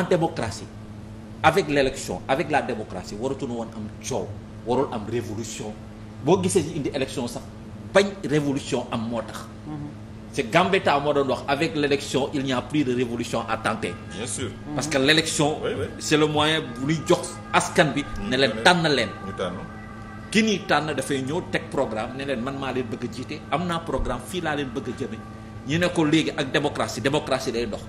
en démocratie avec l'élection avec la démocratie waratuñu woon am coow warul am révolution boo gisee ñu indi élection sax bañ révolution am moo tax mm-hmm. c'est Gambetta moo doon wax avec l'élection il n'y a de révolution à tenter bien parce que l'élection oui, c'est le moyen bu ñuy jox askan bi ne leen mm-hmm. tànn leen ki ñuy tànn dafay ñëw teg programme ne leen man maa leen bëgg a jiite am naa programme fii laa leen bëgg a jëme ñu ne ko léegi ak démocratie démocratie day dox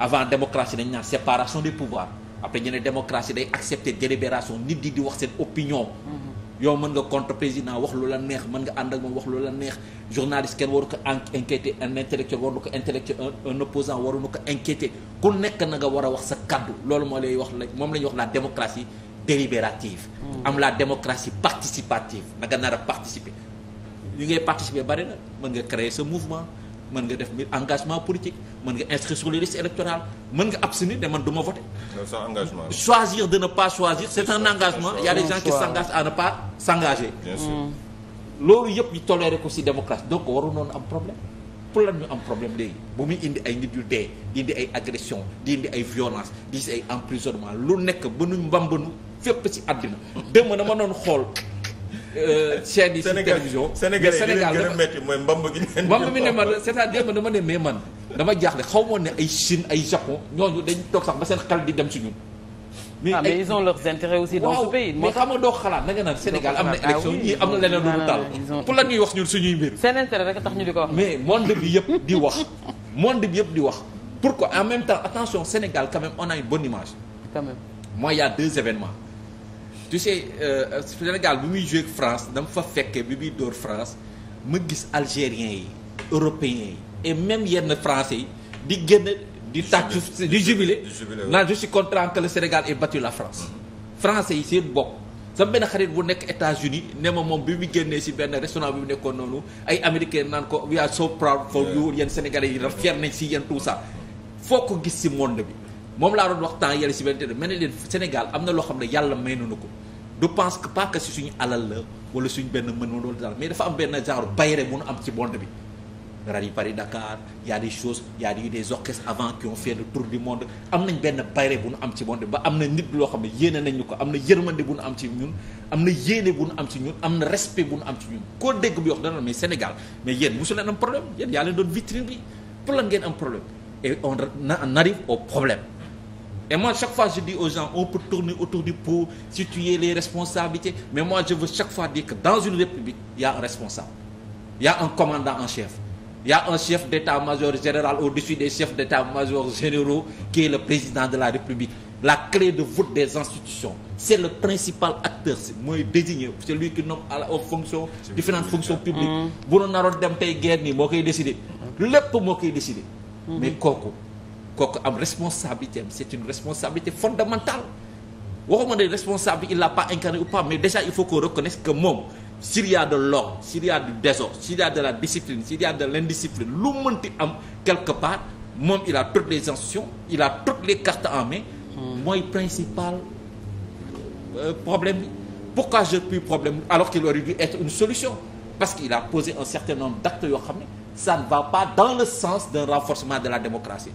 avant démocratie dañ naan séparation des pouvoirs après ñu ne démocratie day accepter délibération nit di di wax seen opinion. Mhm. yow mën nga contre président wax lu la neex mën nga ànd ak moom wax lu la neex journaliste kenn waru ko inquiéter un intellectuel waru ko intellectuel un opposant waru ko inquiéter ku nekk na nga war a wax sa kaddu loolu moo lay wax la moom la ñuy wax la démocratie délibérative. Mhm. am la démocratie participative na nga nar a participer. mën nga créer sa mouvement. mën nga def mbir engagement politique mën nga inscrire sur les listes électorales mën nga abstenir ne man du ma voter. sans engagement choisir de ne pas choisir c'est un engagement il y a des gens qui s'engagent à ne pas s'engager. Mm. loolu yëpp ñu toléré ko si démocratie donc waru noonu am problème pour lan ñu am problème léegi bu muy indi ay nit yu dee indi ay agression di ay violence di si ay emprisonnement lu nekk ba nu mbambanu fépp ci àddina dem na ma noonu xool. Euh, chaîne yi ci télévision Sénégal Sénégal gën a métti mooy mbamb gi mbamb mi ne man cest à man dama ne mais man dama jaaxle xaw moon ne ay Chine ay Japon ñooñu dañ toog sax ba seen xel di dem si ñun mais ah mais ils ont leurs intérêts aussi dans ce pays. moo tax doo xalaat na nga naan Sénégal am na élection ñii am na leneen ñuy wax ñun suñuy mbir. seen intérêt tax ñu di ko wax. mais monde yëpp di wax monde bi yëpp di wax pourquoi en même temps attention Sénégal quand même on a une bonne image. quand même. moi a deux événements. tu sais euh, Sénégal bi muy joué France dama fa fekke bi muy dóor France ma gis algériens yi européens yi et même yenn français yi di génn di tàccu di jubilé naan je suis content que le Sénégal ait battu la France mm-hmm. français yi seen bopp sama benn xarit bu nekk États-Unis ne ma moom bi mu génnee si benn restaurant bi mu nekkoon noonu ay américain naan ko we are so proud for you yi daf fier nañ si yéen tout ça foo ko gis si monde bi moom laa doon wax temps yële si benn télé ma ne leen Sénégal am na loo xam ne yàlla may na ko du pense que pas que suñu alal la wala suñ benn mën wala daal mais dafa am benn genre bayre mu nu am ci monde bi. Rallye Paris Dakar y a des choses des orchestres avant qui ont fait le tour am nañ benn bayre bu nu am ci monde ba am na nit loo xam ne yéene nañ ñu ko am na yërmande bu nu am ci ñun am na yéene bu nu am ci ñun am na respect bu nu am ci ñun koo dégg bi wax dana mais Sénégal mais yéen mosu leen am problème yéen yaa doon vitrine bi pour lan ngeen am problème et on arrive au problème. Et moi, chaque fois, je dis aux gens, on peut tourner autour du pot, situer les responsabilités. Mais moi, je veux chaque fois dire que dans une république, y a un responsable. y a un commandant en chef. y a un chef d'état-major général au-dessus des chefs d'état-major généraux qui est le président de la République. La clé de voûte des institutions, c'est le principal acteur, mooy désigné celui qui nomme à la haute fonction, différentes fonctions publiques. Mm. bu nu koy décider. lépp moo koy mm-hmm. kooku. kooku am responsabilité am c'est une responsabilité fondamentale waxuma ne responsable il l'a pas incarné ou pas mais déjà il faut qu'on reconnaisse que moom s'il y a de l'ordre s'il y a du désordre s'il y a de la discipline s'il y a de l'indiscipline lu mënti am quelque part moom il a toutes les instructions il a toutes les cartes en main hmm. mooy principal euh, pourquoi je puis problème alors qu'il aurait dû être une solution parce qu'il a posé un certain nombre yoo xam ne ça ne va le sens d'un renforcement de la démocratie